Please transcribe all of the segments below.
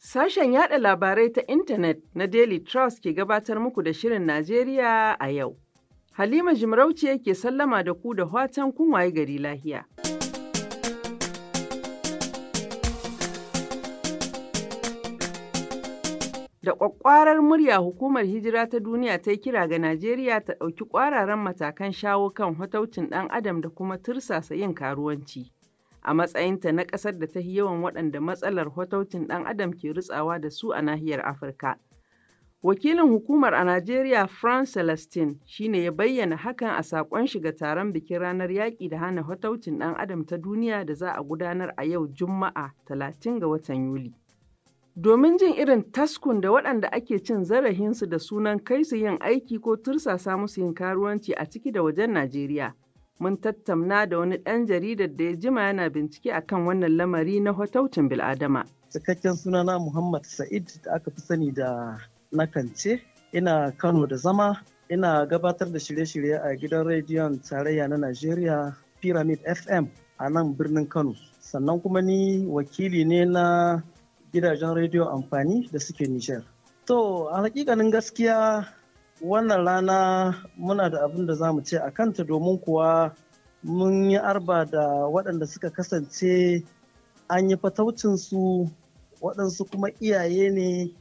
Sashen yada labarai ta intanet na Daily Trust ke gabatar muku da Shirin Najeriya a yau. Halima Jimarauce yake sallama da ku da watan kunwaye gari lahiya. Da ƙwaƙƙwarar murya hukumar hijira ta duniya ta yi kira ga Najeriya ta ɗauki ƙwararan matakan shawo kan hotaucin ɗan adam da kuma tursasa yin karuwanci. A matsayinta na ƙasar da ta yi yawan waɗanda matsalar hotaucin ɗan adam ke rutsawa da su a nahiyar Afirka. Wakilin hukumar a Najeriya Frans Celestine shi ne ya bayyana hakan a saƙon shi ga taron bikin ranar yaƙi da hana fataucin ɗan adam ta duniya da za a gudanar a yau Juma'a 30 ga watan Yuli. Domin jin irin taskun da waɗanda ake cin zarahinsu da sunan kai su yin aiki ko tursasa musu yin karuwanci a ciki da wajen Najeriya. Mun tattauna da wani ɗan jaridar da ya jima yana bincike akan wannan lamari na hotaucin bil'adama. Cikakken sunana Muhammad Sa'id da aka fi sani da na kance ina kano da zama ina gabatar da shirye-shirye a gidan rediyon tarayya na najeriya pyramid fm a nan birnin kano sannan kuma ni wakili ne na gidajen rediyo amfani da suke niger to a hakikanin gaskiya wannan rana muna da abin da za mu ce a kanta domin kuwa mun yi arba da waɗanda suka kasance an yi fataucinsu waɗansu kuma iyaye ne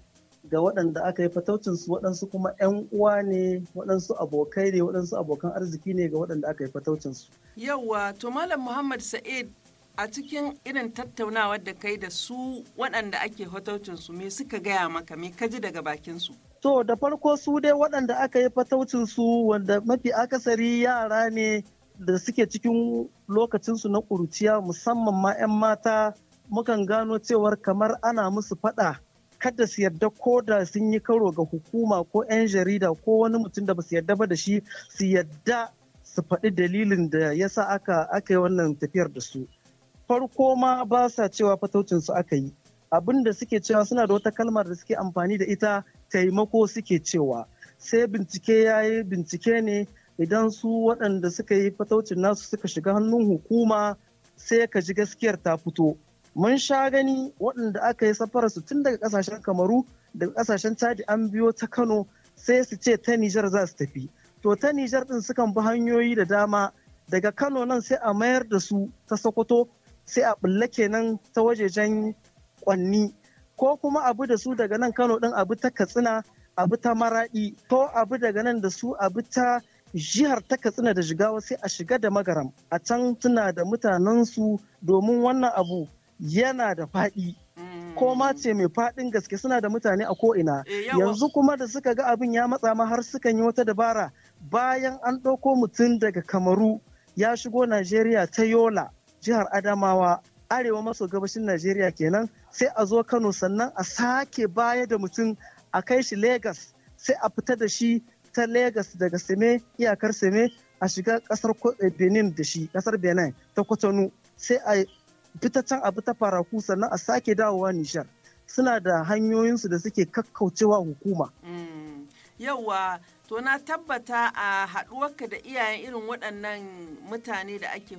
ga waɗanda aka yi fataucinsu waɗansu kuma 'yan uwa ne waɗansu abokai ne waɗansu abokan arziki ne ga waɗanda aka yi fataucinsu. Yawwa, to Malam Muhammad Sa'id a cikin irin tattaunawar da kai da su waɗanda ake fataucinsu me suka gaya maka me ka ji daga bakinsu? To da farko su dai waɗanda aka yi fataucinsu wanda mafi akasari yara ne da suke cikin lokacinsu na ƙuruciya musamman ma 'yan mata mukan gano cewar kamar ana musu faɗa kada su yarda ko da sun yi karo ga hukuma ko 'yan jarida ko wani mutum da ba su yarda ba da shi su yarda su faɗi dalilin da ya sa aka aka yi wannan tafiyar da su farko ma ba sa cewa fataucin su aka yi abin da suke cewa suna da wata kalmar da suke amfani da ita taimako suke cewa sai bincike ya yi bincike ne idan su waɗanda suka yi fataucin nasu suka shiga hannun hukuma sai ka ji gaskiyar ta fito mun sha gani waɗanda aka yi safarar su tun daga ƙasashen kamaru daga ƙasashen chadi an biyo ta kano sai su ce ta nijar za su tafi to ta nijar din sukan bi hanyoyi da dama daga kano nan sai a mayar da su ta sokoto sai a bulle kenan ta wajejen kwanni ko kuma abu da su daga nan kano ɗin abu ta katsina abu ta maraɗi ko abu daga nan da su abu ta jihar ta katsina da jigawa sai a shiga da magaram a can tuna da mutanensu domin wannan abu yana da faɗi. Mm. ko ma ce mai faɗin gaske suna da mutane a ko'ina eh, yanzu kuma da suka ga abin ya matsa ma har suka yi wata dabara bayan an ɗauko mutum daga kamaru ya shigo najeriya ta yola jihar adamawa arewa maso gabashin najeriya kenan sai a zo kano sannan a sake baya da mutum a kai shi Legas sai a fita da shi ta Legas daga seme iyakar seme a shiga kasar eh, benin da shi kasar benin ta kwatano sai a ta can abu ta faraku sannan a sake dawowa nishar suna da hanyoyinsu da suke kakkaucewa hukuma. Mm. Yauwa, to na tabbata a haɗuwarka da iyayen irin waɗannan mutane da ake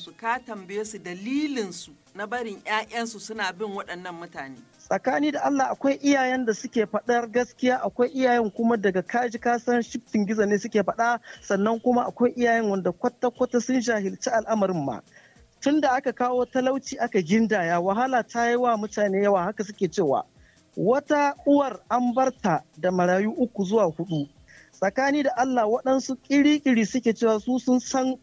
su ka tambaye su dalilinsu na barin 'ya'yansu suna bin waɗannan mutane. Tsakani da Allah akwai iyayen da suke faɗar gaskiya akwai iyayen kuma daga kaji kasan shiftin gizo ne suke faɗa sannan kuma akwai iyayen wanda kwata-kwata sun shahilci al'amarin ma. tun da aka kawo talauci aka gindaya wahala ta yi wa mutane yawa haka suke cewa wata uwar an barta da marayu uku zuwa hudu tsakani da Allah waɗansu ƙiri-ƙiri suke cewa su sun san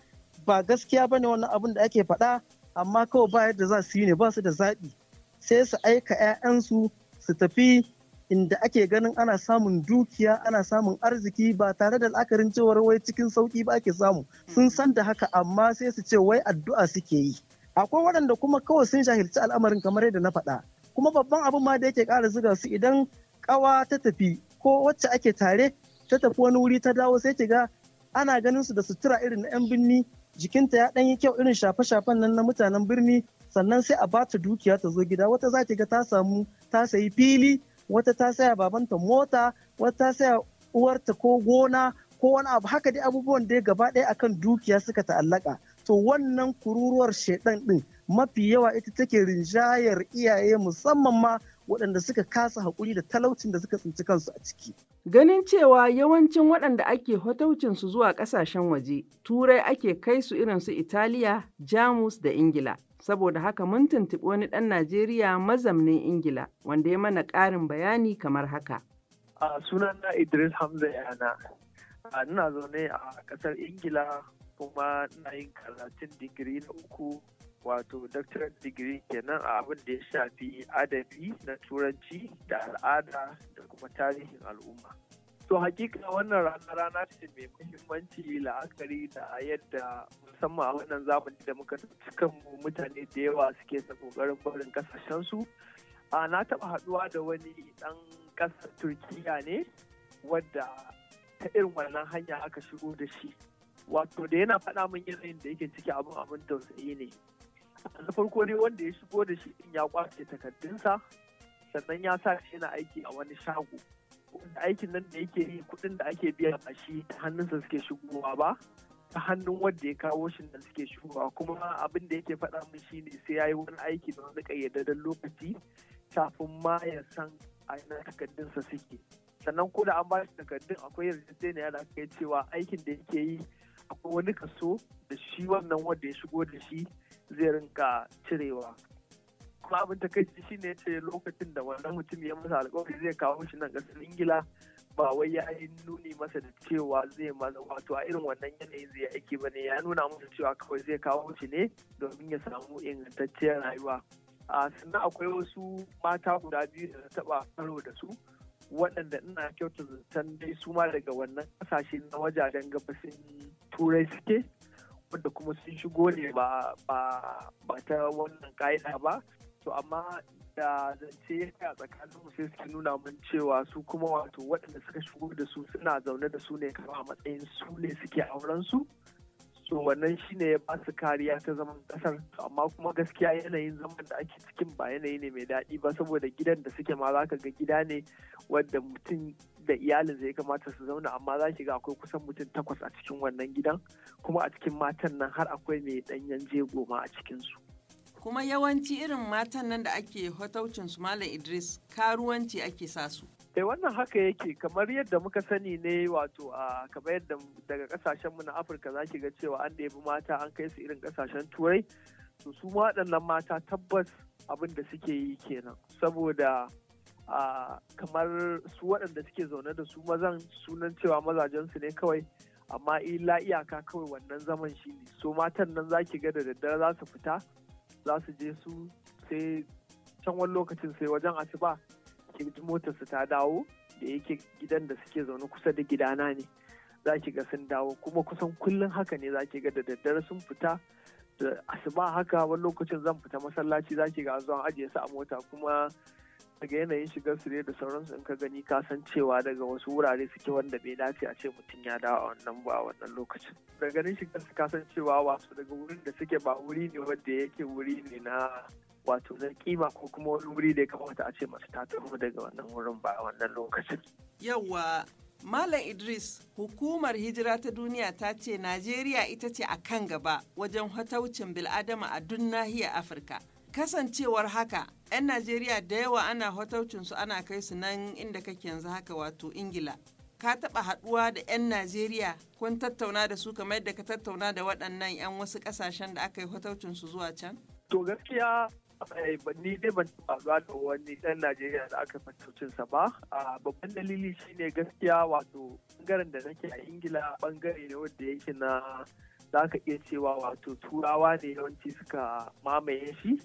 ba gaskiya ba ne wannan abin da ake faɗa amma kawai ba yadda za su yi ne ba su da zaɓi sai su aika 'ya'yansu su tafi inda ake ganin ana samun dukiya ana samun arziki ba tare da la'akarin cewar wai cikin sauki ba ake samu sun san da haka amma sai su ce wai addu'a suke yi akwai waɗanda kuma kawai sun shahilci al'amarin kamar yadda na faɗa kuma babban abin ma da yake ƙara zuga su idan kawa ta tafi ko wacce ake tare ta tafi wani wuri ta dawo sai ki ga ana ganin su da sutura irin na 'yan birni jikinta ya ɗan yi kyau irin shafe-shafen nan na mutanen birni sannan sai a bata dukiya ta zo gida wata za ki ga ta samu ta sayi fili wata ta saya babanta mota wata ta saya uwarta ko gona ko wani abu haka dai abubuwan dai gaba ɗaya akan dukiya suka ta'allaka to wannan kururuwar shaidan din mafi yawa ita take rinjayar iyaye musamman ma waɗanda suka kasa haƙuri da talaucin da suka tsinci kansu a ciki. Ganin cewa yawancin waɗanda ake hotaucin su zuwa ƙasashen waje, turai ake kai su irin su Italiya, Jamus da Ingila. saboda haka mun tuntuɓi wani ɗan Najeriya mazamnin Ingila wanda ya mana ƙarin bayani kamar haka. A sunana Idris Hamza yana, ina zaune a ƙasar Ingila kuma na yin karatun digiri na uku wato doctorate digiri kenan a abin da ya shafi adabi na turanci da al'ada da kuma tarihin al'umma. To hakika wannan rana rana ce mai muhimmanci la'akari da yadda musamman a wannan zamani da muka cikin mutane da yawa suke ta kokarin barin kasashensu. A na taba haɗuwa da wani ɗan kasar Turkiya ne wadda ta irin wannan hanya aka shigo da shi. Wato da yana faɗa min yanayin da yake ciki abin abin tausayi ne. Na farko dai wanda ya shigo da shi ya kwace takardunsa sannan ya sa shi yana aiki a wani shago. aikin nan da yake yi kuɗin da ake biya a shi ta hannunsa suke shigowa ba ta hannun wanda ya kawo shi nan suke shigowa kuma abin da yake faɗa min shi ne sai ya yi wani aiki da wani ƙayyadadden lokaci kafin ma ya san a ina takardunsa suke sannan ko da an ba shi takardun akwai yarjejeniya da aka yi cewa aikin da yake yi akwai wani kaso da shi wannan wanda ya shigo da shi zai rinka cirewa amma abin ta kai shi ne ce lokacin da wannan mutum ya masa alkawari zai kawo shi nan ƙasar ingila ba wai ya yi nuni masa da cewa zai masa wato a irin wannan yanayin zai aiki ba ne ya nuna masa cewa kawai zai kawo shi ne domin ya samu ingantacciyar rayuwa a sannan akwai wasu mata guda biyu da taɓa karo da su waɗanda ina kyautar zaton dai su ma daga wannan ƙasashe na wajajen gabasin turai suke wadda kuma sun shigo ne ba ta wannan ƙa'ida ba to amma da zance ya a tsakanin sai suke nuna mun cewa su kuma wato waɗanda suka shigo da su suna zaune da su ne kama a matsayin su ne suke auren su so wannan shine ya ba su kariya ta zaman kasar amma kuma gaskiya yanayin zaman da ake cikin ba yanayi ne mai daɗi ba saboda gidan da suke ma za ga gida ne wadda mutum da iyalin zai kamata su zauna amma za ki ga akwai kusan mutum takwas a cikin wannan gidan kuma a cikin matan nan har akwai mai ɗanyen jego ma a cikinsu. kuma yawanci irin matan nan da ake hotaucin su Malam Idris karuwanci ake sa su. Eh wannan haka yake kamar yadda muka sani ne wato a kamar yadda daga kasashen mu na Afirka zaki ga cewa an ɗebi mata an kai su irin kasashen Turai to su waɗannan mata tabbas abin da suke yi kenan saboda a kamar su waɗanda suke zaune da su mazan sunan cewa mazajensu ne kawai amma illa iyaka kawai wannan zaman shi ne so matan nan zaki ga da daddare za su fita za su je su sai can wani lokacin sai wajen ba ki ji motarsu ta dawo da yake gidan da suke zaune kusa da gidana ne za ki ga sun dawo kuma kusan kullum haka ne za ki ga da daddare sun fita da asuba haka wani lokacin zan fita masallaci za ki ga zuwa ajiye su a mota kuma daga yanayin shigar su da sauransu in ka gani ka san cewa daga wasu wurare suke wanda bai dace a ce mutum ya dawo a wannan ba a wannan lokacin daga ganin shigar su ka san cewa wasu daga wurin da suke ba wuri ne wanda yake wuri ne na wato na kima ko kuma wani wuri da ya kamata a ce masu ta daga wannan wurin ba a wannan lokacin. Yawwa Malam Idris, hukumar hijira ta duniya ta ce Najeriya ita ce a kan gaba wajen hataucin bil'adama a duk nahiyar Afirka. kasancewar haka 'yan najeriya da yawa ana hotaucinsu ana kai su nan inda kake yanzu haka wato ingila ka taɓa haɗuwa da 'yan najeriya kun tattauna da su kamar yadda ka tattauna da waɗannan 'yan wasu ƙasashen da aka yi su zuwa can to gaskiya eh, ni dai ban taɓa da wani ɗan najeriya da aka fatocinsa ba babban dalili shine gaskiya wato bangaren da nake a ingila bangare ne wanda yake na za ka iya cewa wato turawa ne yawanci suka mamaye shi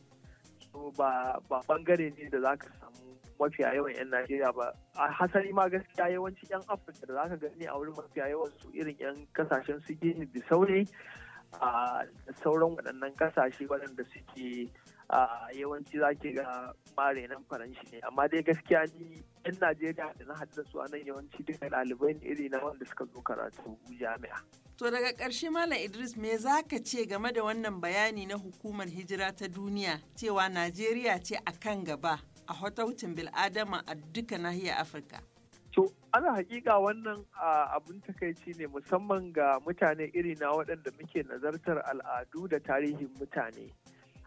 so ba ba bangare ne da zaka samu mafiya yawan 'yan Najeriya ba a hasari ma gaskiya yawanci 'yan Afirka da zaka gani a wurin mafiya yawan su irin 'yan kasashen su Gini Bisau ne a sauran waɗannan kasashe waɗanda suke a yawanci zaki ga nan faranshi ne amma dai gaskiya ni 'yan Najeriya da na haddasa da su a nan yawanci duka ɗalibai ne iri na wanda suka zo karatu jami'a. To daga ƙarshe Malam Idris me za ka ce game da wannan bayani na hukumar hijira ta duniya cewa Najeriya ce a kan gaba a hotautin bil'adama a duka nahiyar Afirka. To, ana hakika wannan abin takaici ne musamman ga mutane iri na waɗanda muke nazartar al'adu da tarihin mutane.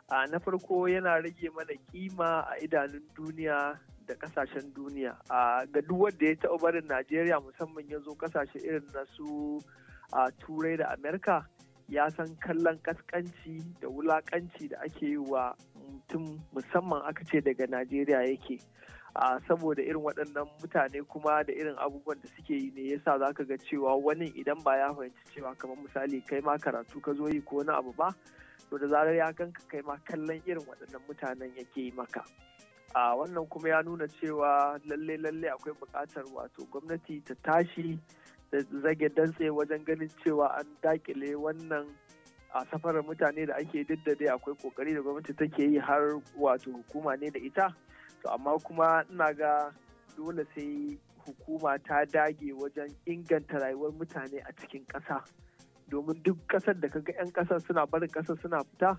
Na farko yana rage mana kima a idanun duniya da kasashen duniya. Ga duk wanda ya taɓa barin Najeriya musamman ya zo kasashe irin na su a turai da amerika ya san kallon kaskanci da wulakanci da ake yi wa mutum musamman aka ce daga najeriya yake a saboda irin waɗannan mutane kuma da irin abubuwan da suke yi ne yasa za ka ga cewa wani idan ba ya fahimci cewa kamar misali kai ma karatu ka zo yi ko wani abu ba to da zarar ya ganka kai ma kallon irin waɗannan mutanen yake yi maka a wannan kuma ya nuna cewa lalle lalle akwai buƙatar wato gwamnati ta tashi da zage dantse wajen ganin cewa an dakile wannan a safarar mutane da ake diddade akwai kokari da gwamnati take yi har wato hukuma ne da ita to amma kuma ina ga dole sai hukuma ta dage wajen inganta rayuwar mutane a cikin ƙasa domin duk ƙasar da kaga 'yan ƙasar suna barin ƙasar suna fita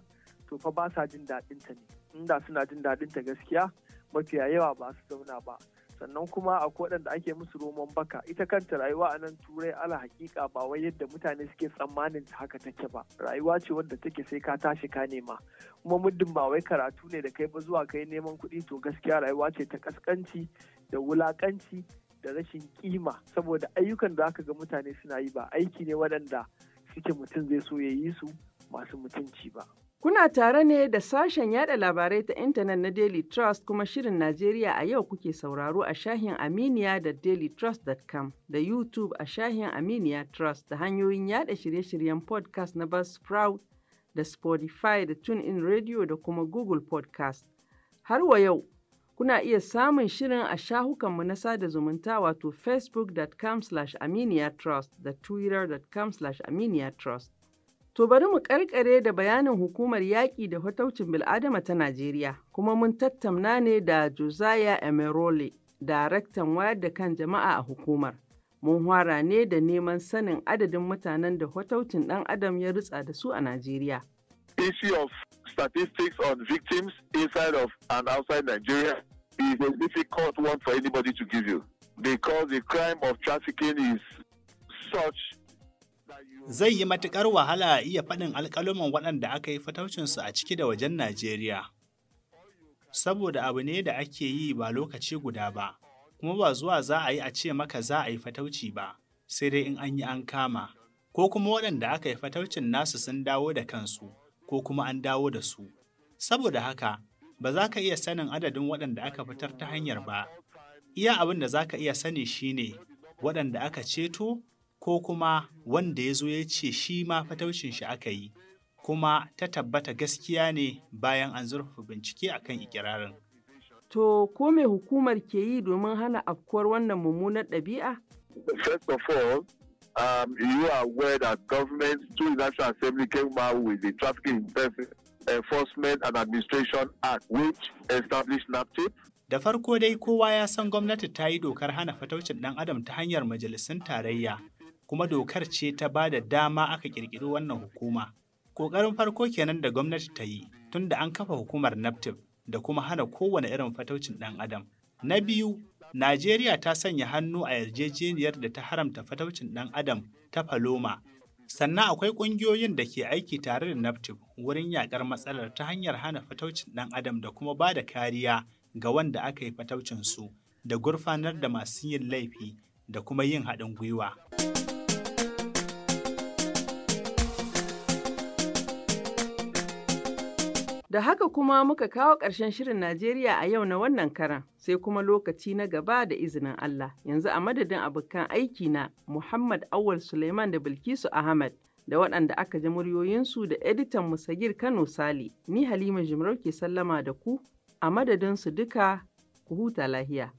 to fa ba sa jin daɗinta ne inda suna jin ta gaskiya mafiya yawa ba su zauna ba sannan kuma akwai waɗanda ake musu roman baka ita kanta rayuwa a nan turai ala hakika ba wai yadda mutane suke tsammanin ta haka take ba rayuwa ce wadda take sai ka tashi ka nema kuma muddin ba wai karatu ne da kai ba zuwa kai neman kuɗi to gaskiya rayuwa ce ta kaskanci da wulakanci da rashin kima saboda ayyukan da aka ga mutane suna yi ba aiki ne waɗanda suke mutum zai so ya yi su masu mutunci ba. Kuna tare ne da sashen yada labarai ta intanet na Daily Trust kuma Shirin Najeriya a yau kuke sauraro a shahin Aminiya da dailytrust.com da YouTube a shahin Aminiya Trust da hanyoyin yada shirye-shiryen podcast na Buzzsprout da Spotify da TuneIn Radio da kuma Google Podcast. Har wa yau, kuna iya samun shirin a shahukanmu na sada zumunta wato facebook.com/aminiya trust da twitter.com/aminiya trust. To bari mu karkare da bayanin hukumar yaƙi da fataucin bil'adama ta Najeriya, kuma mun tattauna ne da Josiah Emerole, daraktan wayar da kan jama'a a hukumar. Mun hwara ne da neman sanin adadin mutanen da fataucin ɗan adam ya rutsa da su a Najeriya. Issue of statistics on victims inside of and outside Nigeria is a difficult one for anybody to give you because the crime of trafficking is such Zai yi matuƙar wahala a iya faɗin alƙaluman waɗanda aka yi fataucinsu a ciki da wajen Najeriya. Saboda abu ne da ake yi ba lokaci guda ba, kuma ba zuwa za a yi a ce maka za a yi fatauci ba, sai dai in an yi an kama, ko kuma waɗanda aka yi fataucin nasu sun dawo da kansu, ko kuma an dawo da su. Saboda haka, ba za ka iya sanin adadin waɗanda aka fitar ta hanyar ba. Iya abin da za ka iya sani shine waɗanda aka ceto ko kuma wanda ya zo ya ce shi ma fataucin shi aka yi kuma ta tabbata gaskiya ne bayan an zurfafa bincike akan ikirarin. To, ko me hukumar ke yi domin hana afkuwar wannan mummunar ɗabi'a? First of all, um, you are aware that government through the National Assembly came out with the Trafficking Enforcement and Administration Act, which established NAPTIP. Da farko dai kowa ya san gwamnati ta yi dokar hana fataucin ɗan adam ta hanyar majalisun tarayya kuma dokar ce ta ba da dama aka ƙirƙiri wannan hukuma. Ƙoƙarin farko kenan da gwamnati ta yi tun da an kafa hukumar NAPTIP da kuma hana kowane irin fataucin ɗan adam. Na biyu, Najeriya ta sanya hannu a yarjejeniyar da ta haramta fataucin ɗan adam ta Faloma, Sannan akwai ƙungiyoyin da ke aiki tare da NAPTIP wurin yaƙar matsalar ta hanyar hana fataucin ɗan adam da kuma ba da kariya ga wanda aka yi fataucin su da gurfanar da masu yin laifi da kuma yin haɗin gwiwa. Da haka kuma muka kawo ƙarshen shirin Najeriya a yau na wannan karan, sai kuma lokaci na gaba da izinin Allah. Yanzu a madadin abokan aiki na Muhammad Awal Suleiman da Bilkisu Ahmad da waɗanda aka ji muryoyinsu da editan Musagir Kano Sali, ni Halima Jimarau ke sallama da ku a madadinsu duka ku huta lahiya.